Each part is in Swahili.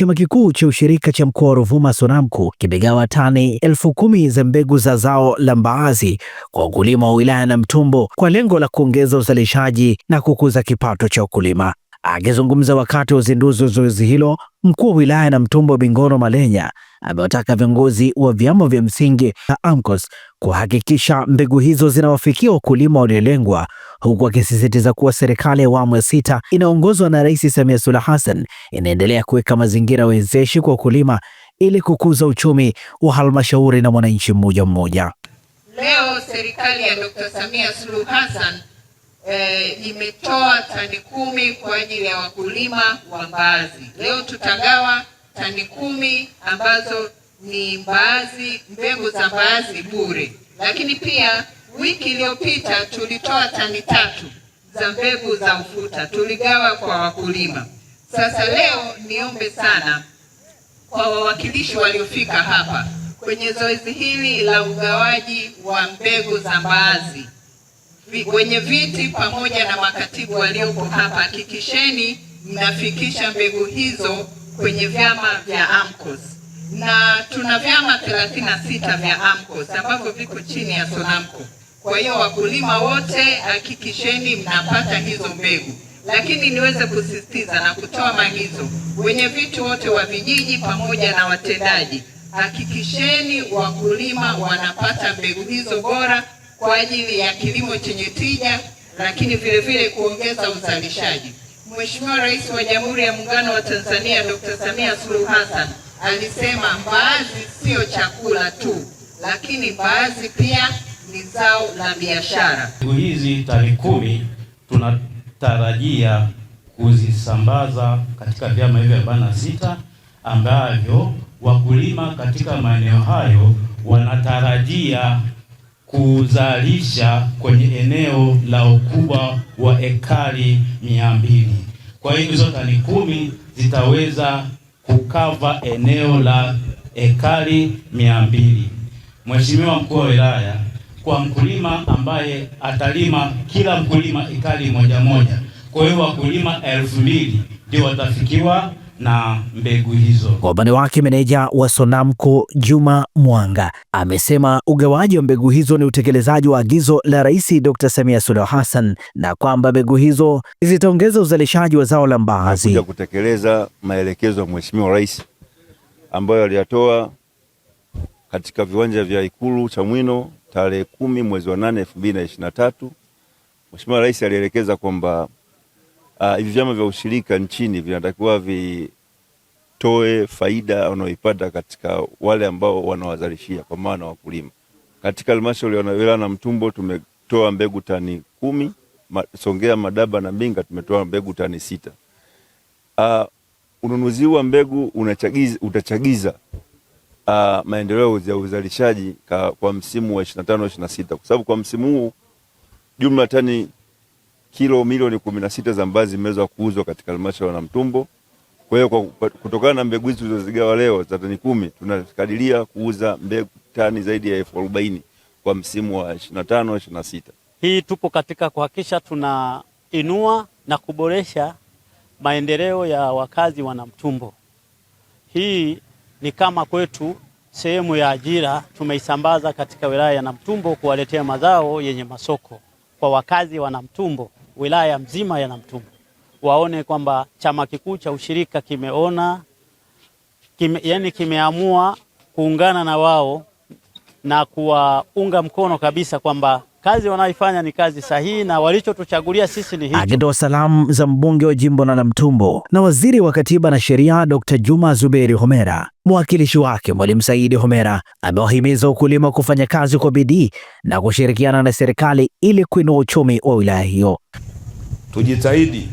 Chama kikuu cha ushirika cha mkoa wa Ruvuma SONAMCU kimegawa tani elfu kumi za mbegu za zao la mbaazi kwa wakulima wa wilaya ya Namtumbo kwa lengo la kuongeza uzalishaji na kukuza kipato cha wakulima. Akizungumza wakati wa uzinduzi wa zoezi hilo, mkuu wa wilaya ya Namtumbo Bingoro Malenya amewataka viongozi wa vyama vya msingi na AMCOS kuhakikisha mbegu hizo zinawafikia wakulima waliolengwa, huku akisisitiza kuwa serikali ya awamu ya sita inaongozwa na Rais Samia Suluhu Hassan inaendelea kuweka mazingira wezeshi kwa wakulima ili kukuza uchumi wa halmashauri na mwananchi mmoja mmoja. Leo serikali ya Dr. Samia Suluhu Hassan eh, imetoa tani kumi kwa ajili ya wakulima wa mbaazi. Leo tutagawa tani kumi ambazo ni mbaazi, mbegu za mbaazi bure. Lakini pia wiki iliyopita tulitoa tani tatu za mbegu za ufuta, tuligawa kwa wakulima. Sasa leo niombe sana kwa wawakilishi waliofika hapa kwenye zoezi hili la ugawaji wa mbegu za mbaazi, wenye viti pamoja na makatibu walioko hapa, hakikisheni mnafikisha mbegu hizo kwenye vyama vya AMCOS na tuna vyama 36 vya AMCOS ambavyo viko chini ya SONAMCO. Kwa hiyo wakulima wote hakikisheni mnapata hizo mbegu, lakini niweze kusisitiza na kutoa maagizo, wenye vitu wote wa vijiji pamoja na watendaji, hakikisheni wakulima wanapata mbegu hizo bora kwa ajili ya kilimo chenye tija, lakini vilevile kuongeza uzalishaji. Mheshimiwa Rais wa Jamhuri ya Muungano wa Tanzania Dr. Samia Suluhu Hassan alisema mbaazi sio chakula tu, lakini mbaazi pia ni zao la biashara. Siku hizi tarehe kumi tunatarajia kuzisambaza katika vyama hivyo arobaini na sita ambavyo wakulima katika maeneo hayo wanatarajia kuzalisha kwenye eneo la ukubwa wa ekari mia mbili. Kwa hiyo hizo tani kumi zitaweza kukava eneo la ekari mia mbili. Mheshimiwa mkuu wa wilaya, kwa mkulima ambaye atalima kila mkulima ekari moja moja, kwa hiyo wakulima elfu mbili ndio watafikiwa na mbegu hizo. Kwa upande wake, meneja wa Sonamco Juma Mwanga amesema ugawaji wa mbegu hizo ni utekelezaji wa agizo la Rais Dr. Samia Suluhu Hassan na kwamba mbegu hizo zitaongeza uzalishaji wa zao la mbaazi kwa kutekeleza maelekezo ya Mheshimiwa Rais ambayo aliyatoa katika viwanja vya Ikulu Chamwino tarehe kumi mwezi wa nane elfu mbili na ishirini na tatu. Mheshimiwa Rais alielekeza kwamba Ah, hivi uh, vyama vya ushirika nchini vinatakiwa vitoe faida wanaoipata katika wale ambao wanawazalishia kwa maana wakulima. Katika halmashauri ya wilaya na Mtumbo tumetoa mbegu tani kumi, Songea, Madaba na Mbinga tumetoa mbegu tani sita. Uh, ununuzi wa mbegu unachagiza, utachagiza uh, maendeleo ya uzalishaji kwa msimu wa 25 26 kwa sababu kwa msimu huu jumla tani kilo milioni kumi na sita za mbaazi zimeweza kuuzwa katika halmashauri ya Namtumbo. Kwa hiyo kutokana na mbegu hizi tulizozigawa leo za tani kumi, tunakadiria kuuza mbegu tani zaidi ya elfu arobaini kwa msimu wa 25 26. Hii tupo katika kuhakikisha tunainua na kuboresha maendeleo ya wakazi wa Namtumbo. Hii ni kama kwetu sehemu ya ajira tumeisambaza katika wilaya ya Namtumbo kuwaletea mazao yenye masoko kwa wakazi wa Namtumbo wilaya mzima ya Namtumbo waone kwamba chama kikuu cha ushirika kimeona kime, yani kimeamua kuungana na wao na kuwaunga mkono kabisa kwamba kazi wanaoifanya ni kazi sahihi na walichotuchagulia sisi ni hicho. Akitoa salamu za mbunge wa jimbo la Namtumbo na waziri wa katiba na sheria Dr. Juma Zuberi Homera, mwakilishi wake Mwalimu Saidi Homera amewahimiza wakulima kufanya kazi kwa bidii na kushirikiana na serikali ili kuinua uchumi wa wilaya hiyo tujitahidi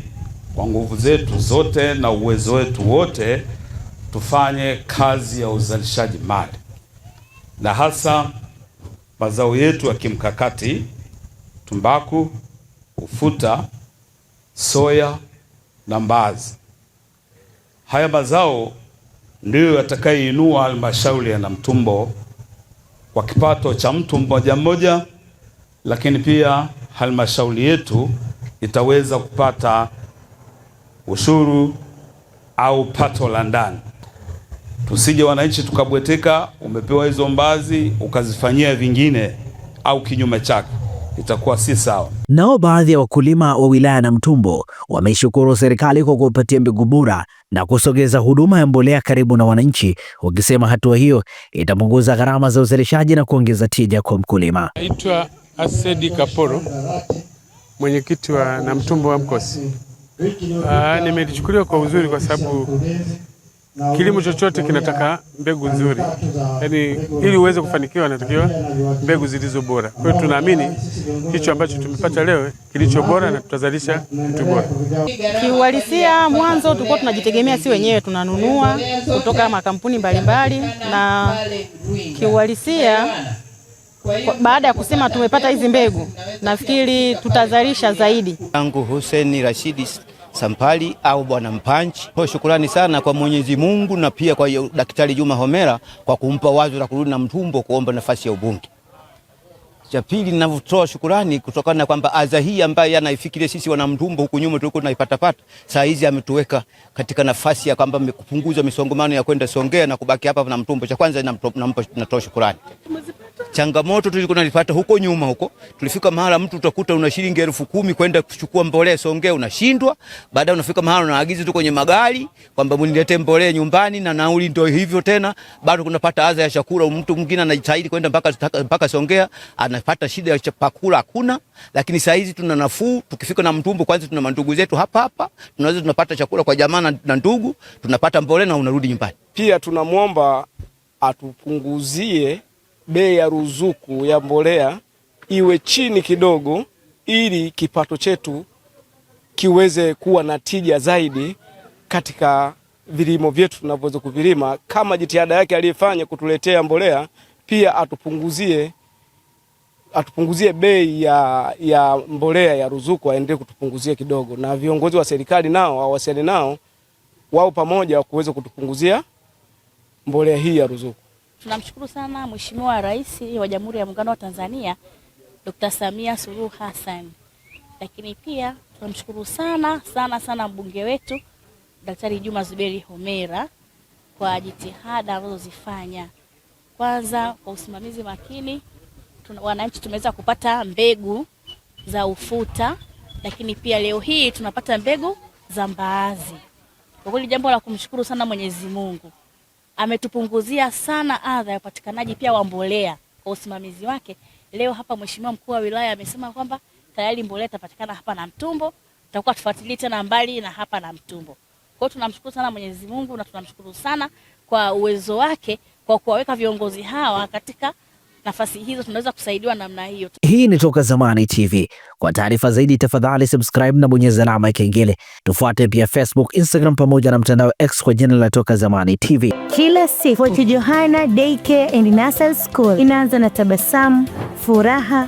kwa nguvu zetu zote na uwezo wetu wote tufanye kazi ya uzalishaji mali na hasa mazao yetu ya kimkakati tumbaku, ufuta, soya na mbaazi. Haya mazao ndiyo yatakayoinua halmashauri ya Namtumbo kwa kipato cha mtu mmoja mmoja, lakini pia halmashauri yetu itaweza kupata ushuru au pato la ndani. Tusije wananchi tukabweteka, umepewa hizo mbazi ukazifanyia vingine au kinyume chake, itakuwa si sawa. Nao baadhi ya wakulima wa wilaya na Namtumbo wameishukuru serikali kwa kuwapatia mbegu bora na kusogeza huduma ya mbolea karibu na wananchi, wakisema hatua hiyo itapunguza gharama za uzalishaji na kuongeza tija kwa mkulima. Naitwa Asedi Kaporo mwenyekiti wa Namtumbo AMCOS. Ah, nimelichukuliwa kwa uzuri kwa sababu kilimo chochote kinataka mbegu nzuri, yaani ili uweze kufanikiwa natakiwa mbegu zilizo bora. Kwa hiyo tunaamini hicho ambacho tumepata leo kilicho bora na tutazalisha mtu bora. Kiuhalisia, mwanzo tulikuwa tunajitegemea si wenyewe, tunanunua kutoka makampuni mbalimbali na kiuhalisia baada ya kusema tumepata hizi mbegu, nafikiri tutazalisha zaidi. Yangu Huseni Rashidi Sampali au Bwana Mpanchi. Kwa shukrani sana kwa Mwenyezi Mungu na pia kwa Daktari Juma Homera kwa kumpa wazo la kurudi na Mtumbo kuomba nafasi ya ubunge. Cha pili ninavyotoa shukurani kutokana na kwamba aza hii ambayo anaifikiria sisi wana Mtumbo huku nyuma tulikuwa pata, saa hizi ametuweka katika nafasi ya kwamba kupunguza misongamano ya kwenda Songea na kubaki hapa na Mtumbo. Cha kwanza nampa natoa shukurani changamoto tulikuwa tunalipata huko nyuma huko, tulifika mahala mtu utakuta una shilingi elfu kumi kwenda kuchukua mbolea Songea, unashindwa. Baadaye unafika mahala unaagiza tu kwenye magari kwamba mniletee mbolea nyumbani, na nauli ndio hivyo tena, bado kunapata adha ya chakula. Mtu mwingine anajitahidi kwenda mpaka mpaka Songea, anapata shida ya chakula hakuna. Lakini saa hizi tuna nafuu, tukifika na mtumbo kwanza, tuna mandugu zetu hapa hapa, tunaweza tunapata chakula kwa jamaa na ndugu, tunapata mbolea na unarudi nyumbani. Pia tunamwomba atupunguzie bei ya ruzuku ya mbolea iwe chini kidogo, ili kipato chetu kiweze kuwa na tija zaidi katika vilimo vyetu tunavyoweza kuvilima. Kama jitihada yake aliyefanya kutuletea mbolea, pia atupunguzie atupunguzie bei ya, ya mbolea ya ruzuku, aendelee kutupunguzia kidogo, na viongozi wa serikali nao awasiliane nao wao pamoja kuweza kutupunguzia mbolea hii ya ruzuku. Tunamshukuru sana Mheshimiwa Rais wa Jamhuri ya Muungano wa Tanzania Dr. Samia Suluhu Hassan, lakini pia tunamshukuru sana sana sana mbunge wetu Daktari Juma Zuberi Homera kwa jitihada anazozifanya, kwanza kwa usimamizi makini tuna, wananchi tumeweza kupata mbegu za ufuta, lakini pia leo hii tunapata mbegu za mbaazi. Kwa kweli jambo la kumshukuru sana Mwenyezi Mungu ametupunguzia sana adha ya upatikanaji pia wa mbolea kwa usimamizi wake. Leo hapa mheshimiwa mkuu wa wilaya amesema kwamba tayari mbolea itapatikana hapa na Mtumbo, tutakuwa tufuatilie tena mbali na hapa na Mtumbo. Kwa hiyo tunamshukuru sana Mwenyezi Mungu na tunamshukuru sana kwa uwezo wake kwa kuwaweka viongozi hawa katika nafasi hizo tunaweza kusaidiwa namna hiyo. Hii ni Toka Zamani TV. Kwa taarifa zaidi, tafadhali subscribe na bonyeza alama ya kengele. Tufuate pia Facebook, Instagram pamoja na mtandao X kwa jina la Toka Zamani TV. Kila siku Fort Johanna Daycare and Nursery School inaanza na tabasamu, furaha